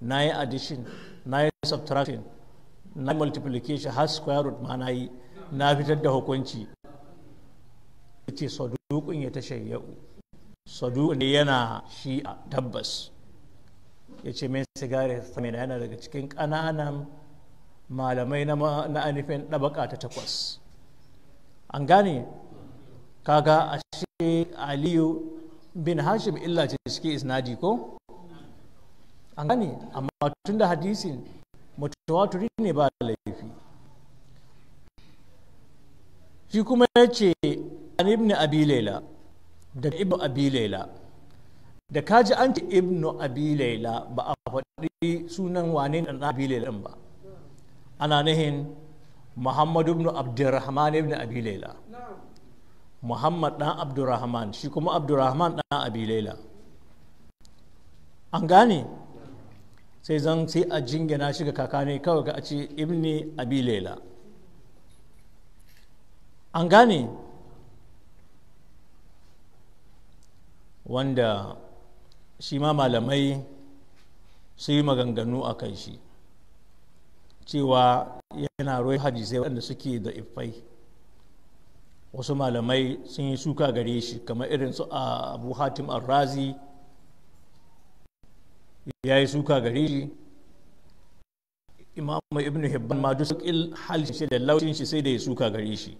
na yi addition na yi subtraction na yi multiplication har square root ma na yi na fitar da hukunci ya ce sadukun ya yau sadukun ne yana shi a tabbas ya ce mai sigari samina yana daga cikin ƙananan malamai na anifin ɗabaka ta takwas an gane kaga ashe aliyu bin hashim illa ce suke isnadi ko an gane amma tun da hadisin mutuwaturi ne ba laifi shi kuma ya ce an ibn abi laila da ibn abi laila da kaji an ce ibn abi ba a faɗi sunan wane na abi laila ba ana nahin muhammadu ibn abdurrahman ibn abi laila muhammad dan abdurrahman shi kuma abdurrahman dan abi laila an gane sai zan sai a jingina shi ga kaka ne kawai ga a ce ibni abilela an gane wanda shi ma malamai su yi maganganu a kan shi cewa yana roi hadisai waɗanda suke da iffai. wasu malamai sun yi suka gare shi kamar irin su a ah, abu hatim arrazi ya yi suka gare shi imamu ibn hibban ma duk halin shi da laushin shi sai da ya suka gare shi